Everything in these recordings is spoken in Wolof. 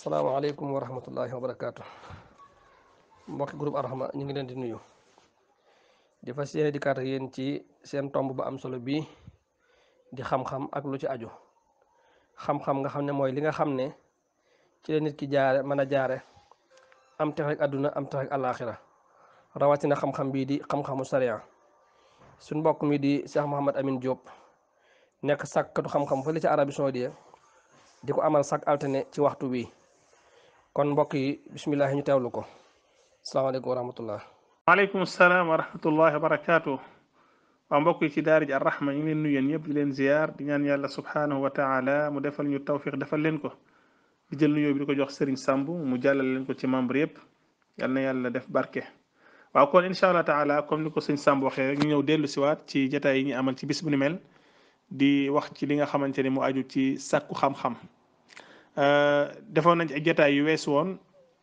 salaamaaleykum wa rahmatullahi wa barakaatu mbokki groupe Arahma ñu ngi leen di nuyu di fas yéene dikkaat ak yéen ci seen tomb ba am solo bi di xam-xam ak lu ci ajo xam-xam nga xam ne mooy li nga xam ne ci la nit ki jaare mën a jaare am tex ak àdduna am tex ak àllaaxira rawatina xam-xam bii di xam-xamu sariya suñ mbokk mi di Cheikh Mouhamad Amin Diop nekk sàkkatu xam-xam fële ci Arabie Saoudite di ko amal sak altene ci waxtu wi kon mbokk yi bisimilah ñu teewlu ko asalaamaaleykum wa rahmatullah salaam wa rahmatullahi wa barakaatu waa mbokk yi ci daara ji arrahma ñu ngi leen nuyeen ñëpp di leen ziyaar di ñaan yàlla subhaanahu wa taala mu defal ñu tawfiq defal leen ko di jël nuyoo di ko jox Serigne sambu mu jàllal leen ko ci membre yëpp yal na yàlla def barke waaw kon incha allah taala comme ni ko sëñ Samb waxee rek ñu ñëw dellu siwaat ci jataay yi ñu amal ci bis bu ni mel di wax ci li nga xamante ni mu aju ci sàkku xam-xam Euh, defoon nañ ci ay jotaay yu weesu woon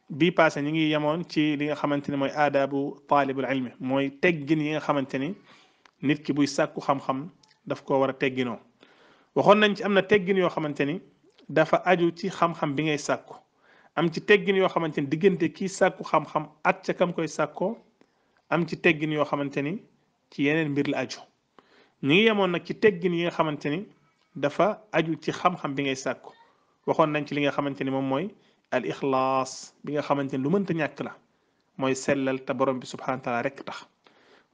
bii passé ñu ngi yemoon ci li nga xamante ne mooy aadaabu taalibul ilmi mooy teggin yi nga xamante ni nit ki buy sakku xam-xam daf ko war a tegginoo waxoon nañ ci am na teggin yoo xamante ni dafa aju ci xam bi ngay sàkku am ci teggin yoo xamante ni diggante kii sàkku xam-xam ak kam koy sàkkoo am ci teggin yoo xamante ni ci yeneen mbir la aju ñu ngi yemoon nag ci teggin yi nga xamante ni dafa aju ci xam-xam bi ngay sàkku waxoon nañ ci li nga xamante ni moom mooy al ixlaas bi nga xamante ni lu mënta ñàkk la mooy sellal te borom bi subhanahu wa taala rek tax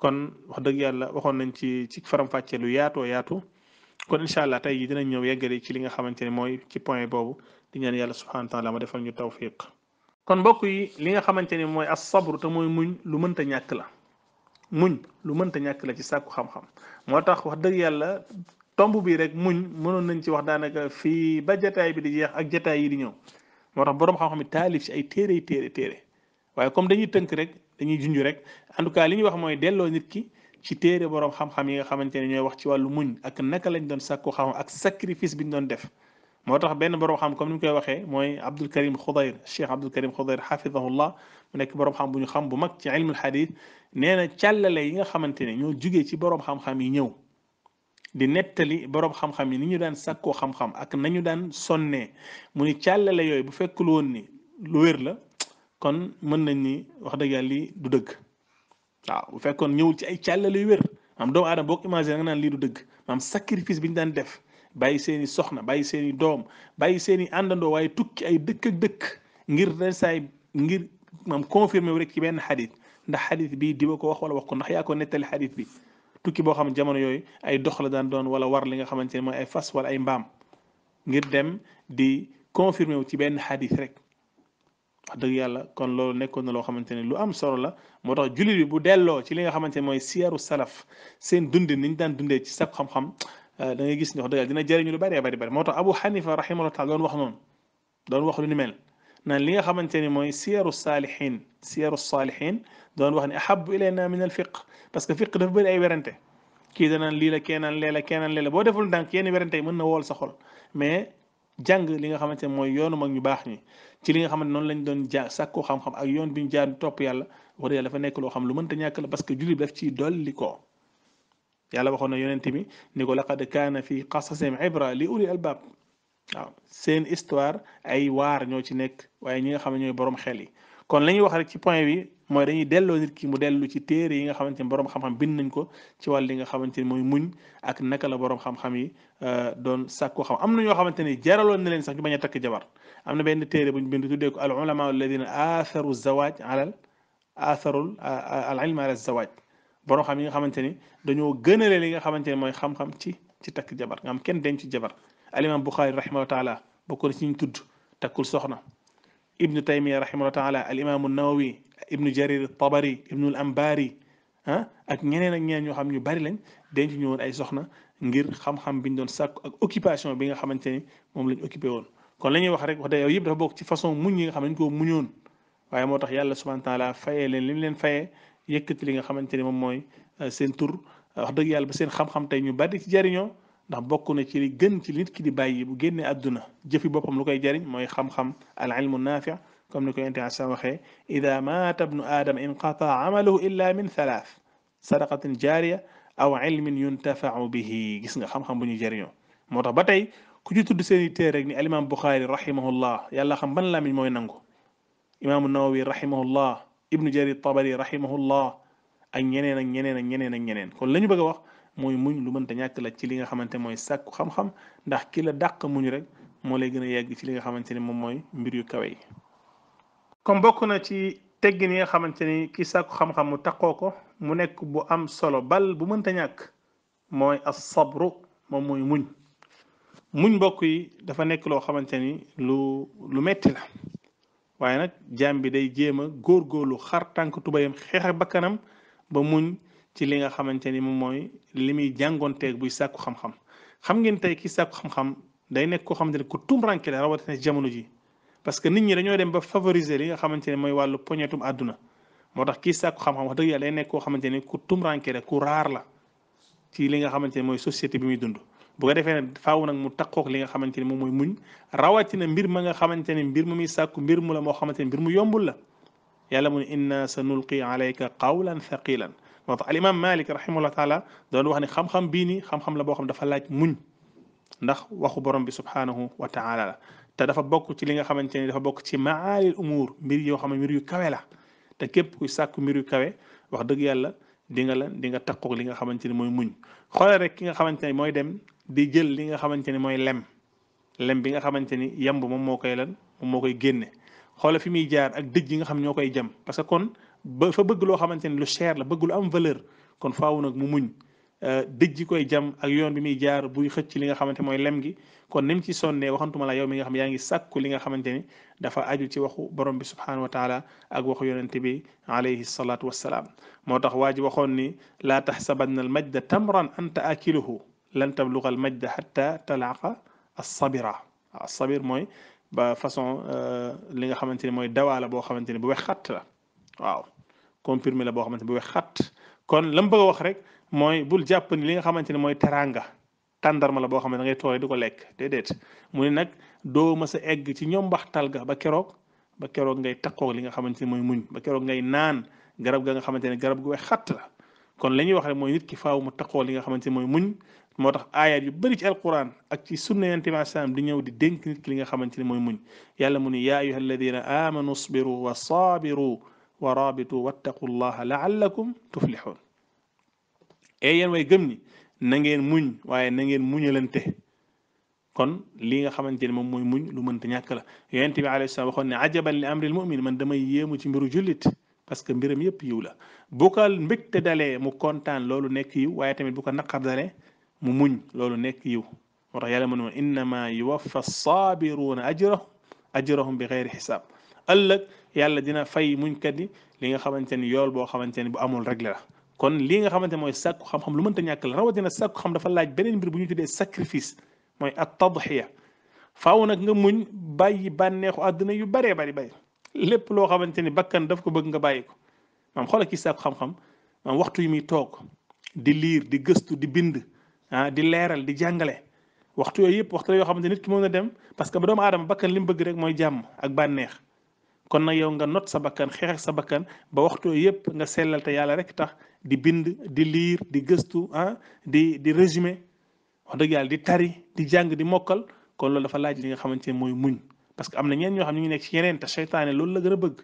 kon wax dëgg yàlla waxoon nañ ci ci faram fàcce lu yaatoo yaatu kon incha allah tey jii dinañ ñëw yeggale ci li nga xamante ni mooy ci point boobu di ñaan yàlla subhanahu wa taala ma defal ñu tawfiq kon mbokk yi li nga xamante ni mooy as sabru te mooy muñ lu mënta ñàkk la muñ lu mënta ñàkk la ci sàkku xam-xam moo tax wax dëgg yàlla tomb bi rek muñ mënon nañ ci wax daanaka fi ba jotaay bi di jeex ak jotaay yi di ñëw motax borom xam-xam yi talif ci ay téré téré téré waye comme dañuy teunk rek dañuy junj rek en tout cas li ñuy wax moy delo nit ki ci téré borom xam-xam yi nga xamanteni ñoy wax ci walu muñ ak naka lañ doon sàkku xam ak sacrifice biñ doon def motax ben borom xam comme ni koy waxe moy Abdul Karim khudair Cheikh Abdul Karim Khudayr xafidahullah mu nek borom xam bu ñu xam bu mag ci ilmul xadis nee na yi nga xamanteni ñoo jugge ci borom xam-xam yi ñëw di nettali borom xam-xam yi ni ñu daan sàkkoo xam-xam ak nañu daan sonnee mu ni càllale yooyu bu fekkul woon ni lu wér la kon mën nañ ni wax dëgg yàlla lii du dëgg waaw bu fekkoon ñëwul ci ay càllale yu wér maam doomu aadama boo ko imaginer nga naan lii du dëgg maam sacrifice bi ñu daan def bàyyi seeni soxna bàyyi seeni doom bàyyi seeni i àndandoo waaye tukki ay dëkk ak dëkk ngir resaay ngir maam confirmer rek ci benn xadit ndax xadit bi diwa ko wax wala wax ko ndax yaa ko nettali xadit bi tukki bo xamne jamono yoy ay dox la daan doon wala war li nga xamanteni moy ay fas wala ay mbam ngir dem di confirmer wu ci ben hadith rek wax deug yàlla kon lolu nekkoon lo xamanteni lu am solo la motax julit bi bu delloo ci li nga xamanteni moy siyaru salaf sen dundin ni ñu daan dundee ci sab xam-xam da ngay gis ni wax deug yàlla dina jëriñu lu bari bari bari motax Abu Hanifa rahimahullah taala doon wax non don wax lu ni mel. نان لي خمنتيني موي سير الصالحين سير الصالحين دون وهن احب الينا من الفقه بس الفقه دف بل اي ورنتي كي دنا لي لا كينان لي لا كينان لي بو ديفول دانك يني ورنتي من وول سخول مي جانغ ليغا خمنتيني موي يونو ماك ني باخ ني تي ليغا خمنت نون لاني دون جا ساكو خام خام اك يون بين جان توب يالا ور يالا فا نيك لو خام لو مونتا نياك لا باسكو جولي داف تي دوليكو يالا واخون يونتي مي نيكو لقد كان في قصصهم عبره لاولي الباب waaw seen histoire ay waar ñoo ci nekk waaye ñi nga xam ne ñooy borom xel yi kon la ñuy wax rek ci point bi mooy dañuy delloo nit ki mu dellu ci téere yi nga xamante ni borom xam-xam bind nañ ko ci wàll li nga xamante ni mooy muñ ak naka la borom xam-xam yi doon sàkku xam am na ñoo xamante ni jaraloon na leen sax ñu bañ a takk jabar am na benn téere bu ñu bind tuddee ko al ulama alladina aatharu zawaaj alal aatharul al ilm ala zawaaj borom xam yi nga xamante ni dañoo gënale li nga xamante ni mooy xam-xam ci ci takk jabar nga am kenn denc jabar alimam Buxaari rahimahu taala bokk na ci ñu tudd takkul soxna ibnu taymiya rahimahu taala al imaamu nawawi ibnu jarir tabari ibnu al ambaari ah ak ñeneen ak ñeneen ñoo xam ñu bari lañ ngir xam-xam biñ doon sàkku ak occupation bi nga xamante ni moom lañ occupé woon kon la ñuy wax rek wax dëgg yow yëpp dafa bokk ci façon muñ yi nga xam ne dañ koo muñoon waaye moo tax taala fayee leen li mu leen yëkkati li nga xamante ni moom mooy seen wax dëgg yàlla ba seen xam-xam tey ñu bari ci jariñoo ndax bokk na ci li gën ci nit ki di bàyyi bu génnee àdduna jëfi boppam lu koy jariñ mooy xam-xam al ilmu naafi comme ni ko yonent sa waxee ida maata bnu aadama inqataa amaluhu illa min thalath sadaqatin jaariya aw ilmin yuntafau bihi gis nga xam bu ñuy jariñoo moo tax ba tey ku ci tudd seen i téere rek ni al imam buxaari rahimahullah yàlla xam ban lamiñ mooy nangu imaamu nawawi rahimahullah ibnu jarir tabari rahimahullah ak ñeneen ak ñeneen ak ñeneen ak ñeneen kon la ñu bëgg wax mooy muñ lu mënta ñàkk la ci li nga xamante mooy sàkku xam-xam ndax ki dàq muñu rek moo lay gën a yegg ci li nga xamante ni moom mooy mbir yu kawe yi. comme bokk na ci teggin yi nga xamante ni ki sàkku xam mu taqoo ko mu nekk bu am solo bal bu mënta ñàkk mooy as-sabru moom mooy muñ muñ mbokk yi dafa nekk loo xamante ni lu lu metti la. waaye nag jaam bi day jéem a góorgóorlu xar tànk tubayam xeex ak bakkanam ba muñ ci li nga xamante ni moom mooy li muy jàngoonteeg buy sàkku xam-xam xam ngeen tey ki sàkku xam-xam day nekk koo xamante ni ku ranké la rawatina jamono ji parce que nit ñi dañoo dem ba favoriser li nga xamante ne mooy wàllu poñetum àdduna moo tax kii sàkku xam-xam wax dëgg yàlla day nekk koo xamante ni ku ranké la ku raar la ci li nga xamante ne mooy société bi muy dund bu ko defee nag faaw nag mu takkook li nga xamante ni moom mooy muñ rawatina mbir ma nga xamante ni mbir mu muy sàkku mbir mu la moo xamante ni mbir mu yombul la yàlla mu ne inna sa nulqi alayka qawlan thaqilan موت الامام مالك رحمه الله تعالى دون واخني خم خم بيني خم خم لا بوخم دا فا لاج مون نده وتعالى تا دا فا بوك تي ليغا خامتيني دا فا بوك تي معالي الامور مير يو خامي مير يو كاوي لا تا كيب كوي ساكو مير يو كاوي واخ دغ يالا ديغا لا ديغا تاكو ليغا خامتيني موي مون خول رك كيغا خامتيني موي موي لم lem bi nga xamanteni yamb mom mokay lan mom mokay genné xol fi mi jaar ak dejj nga xam ñokay jëm parce ba fa bëgg loo xamante ni lu cher la bëgg lu am valeur kon faaw nag mu muñ dëj ji koy jam ak yoon bi muy jaar buy xëcc li nga xamante mooy lem gi kon nim ci sonnee waxantuma la yow mi nga xam yaa ngi sàkku li nga xamante ni dafa aju ci waxu borom bi subhanahu wa taala ak waxu yonente bi alayhi salatu wassalaam moo tax waa ji waxoon ni laa taxsabanna al majda tamran anta akiluhu lan tabluga al majda xatta talaqa assabira assabir mooy ba façon li nga xamante ni mooy dawaa boo xamante ni bu wex xatt la waaw comprimé la boo xamante bu weex xat kon la mu bëgg wax rek mooy bul jàpp ni li nga xamante ne mooy teranga tàndarma la boo xam ne da ngay tooy di ko lekk déedéet mu ne nag doo ma sa egg ci ñoom mbaxtal ga ba keroog ba keroog ngay takkoog li nga xamante ne mooy muñ ba keroog ngay naan garab ga nga xamante ne garab gu wax xat la kon la ñuy wax rek mooy nit ki faaw mu takkoo li nga xamante ne mooy muñ moo tax aayat yu bari ci alquran ak ci sunna yonent bi salaam di ñëw di dénk nit ki li nga xamante ne mooy muñ yàlla mu ni yaa ayuha alladina amanu sbiru wa sabiru ورابطوا واتقوا الله لعلكم تفلحون ايان واي گمني نانغين موغ واي نانغين موغلنته كون ليغا خامتيني موم موي موغ لو مانت نياك لا يونت بي عليه السلام واخون عجبا لامر المؤمن من دمي ييمو تي ميرو جوليت باسكو ميرم ييب يو لا بوكال مبكت دالي مو كونتان لولو نيك يو واي تاميت بوكا نخار دالي مو موغ لولو نيك يو ورا يالا منو انما يوفى الصابرون اجره اجرهم بغير حساب ëllëg yàlla dina fay muñkat yi li nga xamante ni yool boo xamante ni bu amul rek la kon li nga xamante mooy sàkku xam-xam lu mënta ñàkk la rawatina sàkku xam dafa laaj beneen mbir bu ñu tuddee sacrifice mooy at tadxiya faaw nag nga muñ bàyyi bànneexu àdduna yu bare bari bay lépp loo xamante ni bakkan daf ko bëgg nga bàyyi ko maam xoolal ki sàkku xam-xam maam waxtu yi muy toog di lire di gëstu di bind ah di leeral di jàngale waxtu yooyu yëpp waxtu la yoo xamante nit ki mën na dem parce que ba doomu aadama bakkan li mu bëgg rek mooy jàmm ak bànneex kon nag yow nga not sa bakkan xeex sa bakkan ba waxtu yooyu yëpp nga sellal te yàlla rek tax di bind di liir di gëstu ah di di résumé wax dëgg yàlla di tari di jàng di mokkal kon loolu dafa laaj li nga xamante ne mooy muñ parce que am na ñeen ñoo xam ne ñu nekk ci yeneen te seytaane loolu la gën a bëgg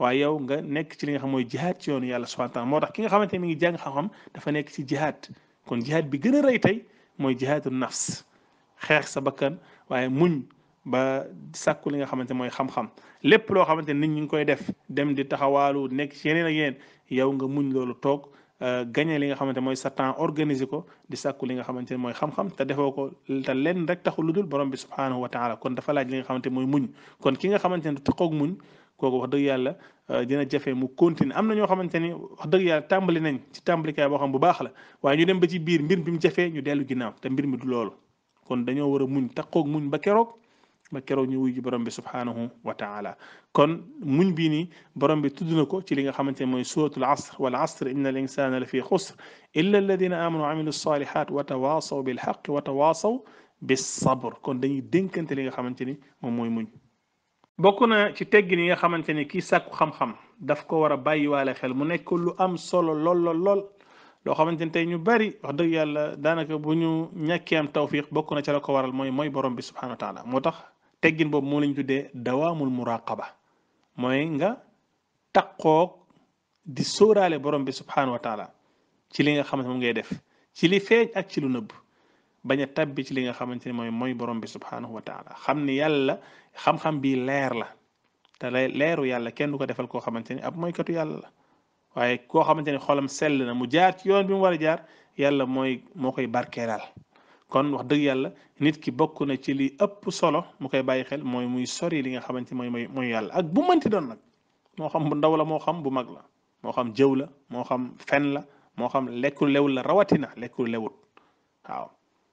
waaye yow nga nekk ci li nga xam mooy jihaad ci yoonu yàlla soo wa moo tax ki nga xamante ne mi ngi jàng xam dafa nekk ci jihaad kon jihaad bi gën a rëy tey mooy jihaadu nafs xeex sa bakkan ba sàkku li nga xamante mooy xam-xam lépp loo xamante nit ñi ngi koy def dem di taxawaalu nekk ci yeneen ak yéen yow nga muñ loolu toog euh, gagné li nga xamante mooy sa temps organiser ko di sàkku li nga xamante mooy xam-xam te defoo ko te lenn rek taxu lu dul borom bi subhanahu wa taala kon dafa laaj li nga xamante mooy muñ kon ki nga xamante ne taxoog muñ kooko wax dëgg yàlla euh, dina jafe mu continuer am na ñoo xamante ni wax dëgg yàlla tàmbali nañ ci tàmbalikaay boo xam bu baax la waaye ñu dem ba ci biir mbir bi mu jafee ñu dellu ginnaaw te mbir mi du loolu a muñ ma kéro ñu wuy ji borom bi subhanahu wa taala kon muñ bi ni borom bi tudd ko ci li nga xamante moy suratul asr wal asr innal insana lafi khusr illa alladhina amanu wa amilus salihat wa tawasaw bil haqq wa tawasaw bis sabr kon dañuy dénkante li nga xamante ni moom mooy muñ bokuna ci teggin yi nga xamante ni kii sàkku xam-xam daf ko wara bayyi wala xel mu nekk lu am solo lol lol lol lo xamanteni tay ñu bari wax deug yàlla danaka buñu ñu am tawfiq bokku na ci la ko waral moy moy borom bi subhanahu wa taala motax teggin boobu moo lañ tuddee dawaamul muraqaba mooy nga taqoog di sóoraale borom bi subhanahu wa taala ci li nga xamante moom ngay def ci li feeñ ak ci lu nëbb bañ a tabbi ci li nga xamante ne mooy mooy borom bi subhanahu wa taala xam ni yàlla xam-xam bii leer la te leeru yàlla kenn du ko defal koo xamante ni ab mooykatu yàlla la waaye koo xamante ni xolam sell na mu jaar ci yoon bi mu war a jaar yàlla mooy moo koy barkeelal kon wax deug yàlla nit ki bokku na ci li ëpp solo mu koy bàyyi xel moy muy sori li nga xamanteni moy moy mooy yàlla ak bu mënti don nak mo xam bu ndaw la moo xam bu mag la mo xam jëw la mo xam fen la mo xam lekul lewul la rawatina lekul lewut waaw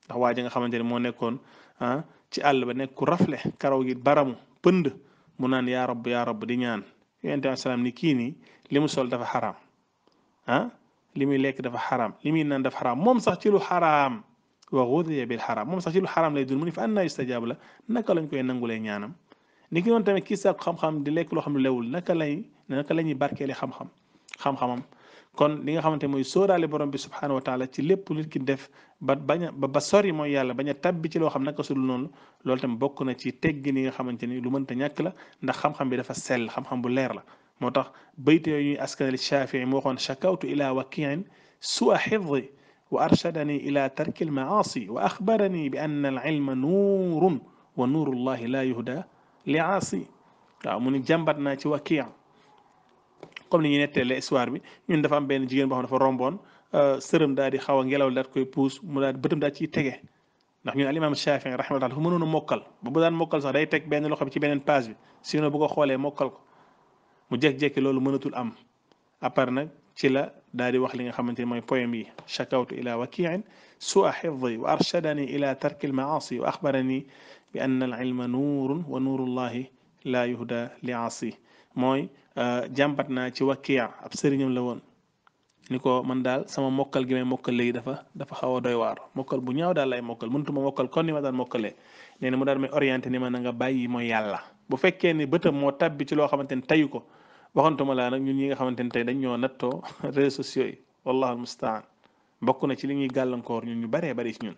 da waji nga xamanteni mo nekkon han ci àll ba nekk ku rafle karaw gi baramu pënd mu naan ya rab ya rab di ñaan yonente bi ni ki ni limu sol dafa haram han limi lek dafa haram limi nan dafa haram mom sax ci lu haram wa xudiya bil xaraam moom sax ci lu xaraam lay dund mu ni fa annaa yustajaab la naka lañ koy nangulee ñaanam ni ki noonu tamit kii sàkku xam-xam di lekk loo xam ne lewul lay naka la ñuy barkeele xam-xam kon li nga xamante mooy sóoraale borom bi subhaanahu wa taala ci lépp nit ki def ba bañ a ba sori mooy yàlla bañ a tabbi ci loo xam naka sudul noonu loolu tamit bokk na ci teggi ni nga xamante ni lu ta ñàkk la ndax xam-xam bi dafa sell xam-xam bu leer la moo tax bayte yooyu ñuy askanali Shafii mu waxoon shakawtu ila wakiin sua xifdi وارشدني الى ترك المعاصي واخبرني بان العلم نور ونور الله لا يهدى لعاصي من جنباتنا تي وكيع كوم ني نيتال الاسوار بي ني دا فام بن جيجن بوخ دا فا رومبون سيرم دادي خاوا غيلاو دات كوي بوس مو دات بتم دا تي تيغي ناخ ني الامام الشافعي رحمه الله هو منو موكل بو دان موكل صاح داي تك بن لوخو بي تي بنن باج بي سينو بوكو لولو منوتول ام ابار ci la daal di wax li nga xamante ne mooy poème yi chakawtu ila wakiin sua xifdi wa arshadani ila tarki almaasi wa axbarani bi anna al ilma nuurun wa nuurullahi la yuhda li aasi mooy euh, jàmbat naa ci wakiya ab sëriñam la woon ni ko man daal sama mokkal gi may mokkal léegi dafa dafa xaw a doy waar mokkal bu ñaaw daal lay mokkal mënutuma mokkal kon ni ma daan mokkalee nee na mu daal may orienté ni ma na nga bàyyi mooy yàlla bu fekkee ni bëtam moo tabbi ci loo xamante ne ko waxantuma laa nag ñun ñi nga xamante te tey dañ ñoo nattoo réseaux sociaux yi wallahu almustaan bokk na ci li ñuy gàllankoor ñun ñu baree bari ci ñun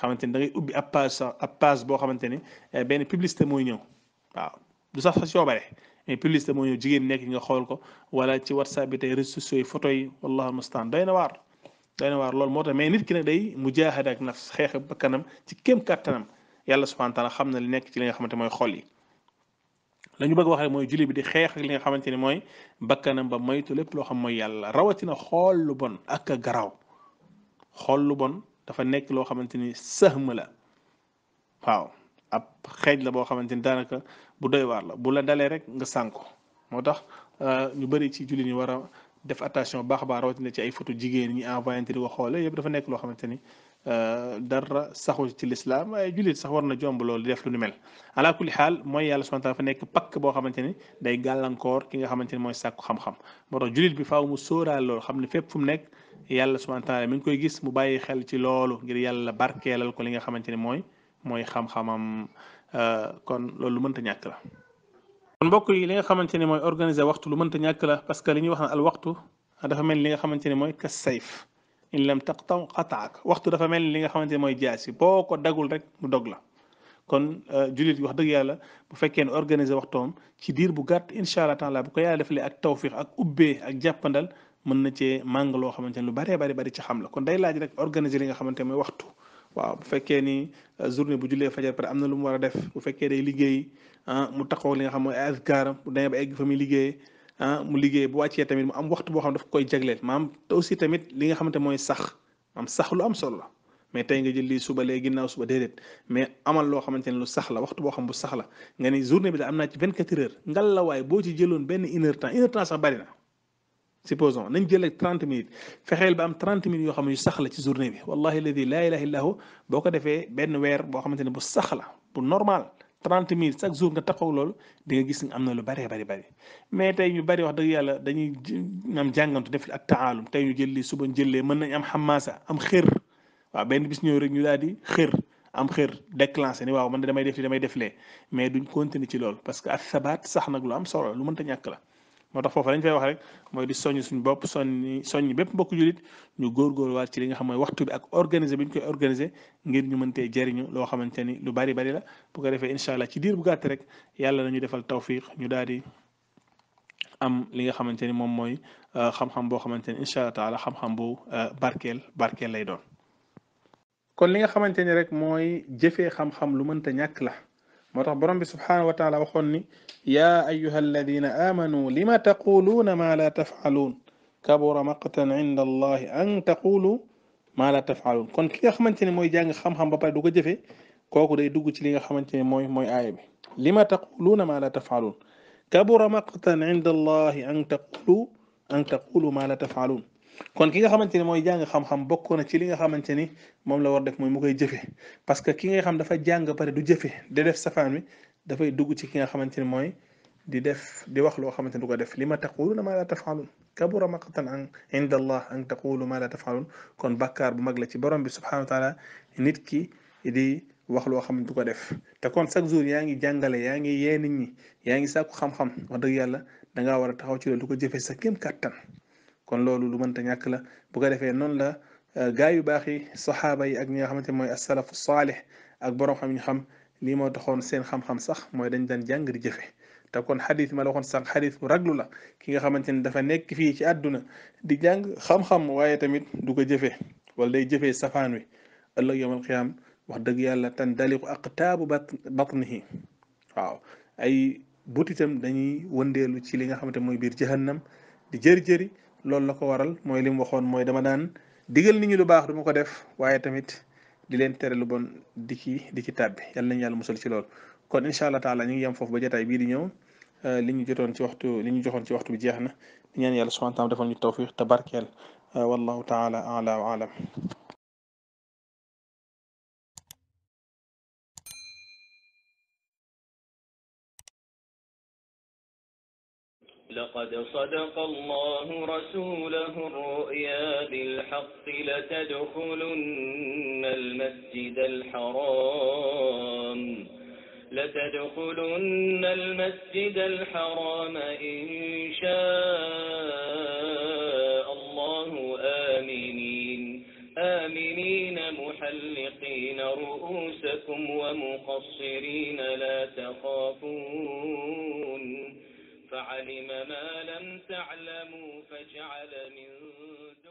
xamante ni da ubbi ab page sax ab page boo xamante ni eh, benn publicité mooy ñëw waaw du sax fa soo bare mais publicité mooy ñëw jigéen nekk nga xool ko wala ci whatsapp bi tey réseaux sociaux yi photo yi wallahu almustaan doy na waar doy na waar loolu moo tax mais nit ki nag day mujaahada ak nafs xeex ba kanam ci kéem kattanam yàlla subhanahu wa xam na li nekk ci li nga xamante mooy xol yi lañu bëgg wax rek mooy julli bi di xeex li nga xamante ni mooy bakkanam ba moytu lépp loo xam mooy yàlla rawatina xool lu bon ak garaw xool lu bon dafa nekk loo xamante ni sëhm la waaw ab xeej la boo xamante ni daanaka bu doy waar la bu la dalee rek nga sànko moo tax euh, ñu bëri ci julli ñi war a def attention baax a baax rawatina ci ay photo jigéen ñi envoyante di ko xoolee yëpp dafa nekk loo xamante ni Euh, dara saxu ci lislaam waaye jullit sax war na jomb loolu def lu ni mel ala kulli xaal mooy yàlla subhanahu wa taala fa nekk pakk boo xamante ni day gàllankoor ki nga xamante ni mooy sàkku xam-xam moo bi faaw mu sóoraal loolu xam ne fépp fu mu nekk yàlla subhanahu wa taala ngi koy gis mu bàyyi xel ci loolu ngir yàlla barkeelal ko li nga xamante ni mooy mooy xam-xamam euh, kon loolu lu mënta ñàkk la kon mbokk yi li nga xamante ni mooy organiser waxtu lu mënta ñàkk la parce que li ñuy wax na al waxtu dafa mel li nga xamante ni mooy kas sayf ان لم تقطع قطعك وقت دا فمل ليغا خامتني موي جاسي بوكو داغول رك مو دوغلا كون آه، جوليت واخ دغ يالا بو فكين اورغانيزي وقتوم سي دير بو غات ان شاء الله تعالى بو يالا دفلي اك توفيق اك اوبي اك جابندال من نتي مانغ لو خامتني لو باري باري باري تي خام لا كون داي لاج رك اورغانيزي ليغا خامتني موي وقتو waaw bu fekkee ni journée bu jullee fajar par am na lu mu war a def bu fekkee day liggéey ah mu taxaw li nga xam mooy ay ah mu liggéey bu wàccee tamit mu am waxtu boo xam ne daf koy jagleel maam te aussi tamit li nga xamante mooy sax maam sax lu am solo la mais tey nga jël lii suba lee ginnaaw suba déedéet mais amal loo xamante ne lu sax la waxtu boo xam bu sax la nga ni journée bi da am naa ci 24 heures ngal la waaye boo ci jëloon benn une heure temps une temps sax bari na supposons nañ jël ak 30 minutes fexeel ba am 30 minutes yoo xam ne yu sax la ci journée bi wallahi alladi laa ilaha illa hu boo ko defee benn weer boo xamante ne bu sax normal trente mille chaque jour nga taxaw loolu di nga gis ne am na lu bare bari bëri mais tey ñu bëri wax dëgg yàlla dañuy am jàngantu def ak taalum tey ñu jël lii suba jëlee mën nañ am xamaasa am xër waa benn bis ñëw rek ñu daal di xër am xër déclenché ni waaw man damay def li damay def lee mais duñ continuer ci lool parce que ak sabaat sax nag lu am solo lu mënta ñàkk la moo tax foofu lañ fay wax rek mooy di soññ suñu bopp soññi soññi bépp mbokk julit ñu góorgóorluwaat ci li nga xam mooy waxtu bi ak organiser bi koy organiser ngir ñu mëntee jariñu loo xamante ni lu bari bari la bu ko defee incha allah ci diir bu gàtt rek yàlla ñu defal tawfiq ñu daal di am li nga xamante ni moom mooy euh, xam-xam boo xamante ni incha allah taala xam-xam bu euh, barkeel barkeel lay doon kon li nga xamante ni rek mooy jëfee xam-xam lu mënta ñàkk la moo tax borom bi subhanahu wa taala waxoon ni yaa ayuha alladina amanu lima taquluuna maa la tafaluun kabura maqtan inda allahi an taqulu maa la tafaluun kon ki nga xamante ne mooy jàng xam-xam ba pare du ko jëfee kooku day dugg ci li nga xamante ne mooy mooy aaya bi lima taquluuna maa la tafaluun kabura maqtan inda allahi an taqulu an taqulu maa la tafaluun kon ki nga xamante ni mooy jàng xam-xam bokk na ci li nga xamante ni moom la war def mooy mu koy jëfe parce que ki nga xam dafa jàng pare du jëfe di def safaan wi dafay dugg ci ki nga xamante ni mooy di def di wax loo xamante ni du ko def li ma taquluuna ma la tafaalun kabura maqtan an inda allah an taqulu ma la tafaalun kon bàkkaar bu mag la ci borom bi subhanahu wa nit ki di wax loo xam du ko def te kon chaque jour yaa ngi jàngale yaa ngi yee nit ñi yaa ngi sàkku xam-xam wax dëgg yàlla da ngaa war a taxaw ci loolu du ko jëfe sa kéem kàttan kon loolu lu mënta ñàkk la bu ko defee noonu la euh, gaa yu baax yi saxaaba yi ak ñi nga xamante mooy asalafu saalih ak borom xam ñu xam lii moo taxoon seen xam-xam sax mooy dañ daan jàng di te kon xadis ma la sànq xadis bu raglu la ki nga xamante ni dafa nekk fii ci àdduna di jàng xam-xam waaye tamit du ko jëfee wala day jëfee safaan wi ëllëg yawmal qiyaam wax dëgg yàlla tan daliku aqtaabu bat batnihi waaw ay butitam dañuy wëndeelu ci li nga xamante mooy biir jahannam di jëri jëri loolu la ko waral mooy li mu waxoon mooy dama daan digal nit ñi lu baax du ko def waaye tamit di leen tere lu bon di ki di ki tàbbi yàlla nañu yàlla musal ci lool kon incha allah taala ñu ngi yem foofu ba bii di ñëw euh, li ñu jotoon ci waxtu li ñu joxoon ci waxtu bi jeex na di ñaan yàlla subhanahu wa taala defal ñu tawfiq te barkeel euh, wallahu taala ala wa alam لقد صدق الله رسوله الرؤيا بالحق لتدخلن المسجد الحرام لتدخلن المسجد الحرام إن شاء الله آمنين آمنين محلقين رؤوسكم ومقصرين لا تخافون فعلم ما لم تعلموا فجعل من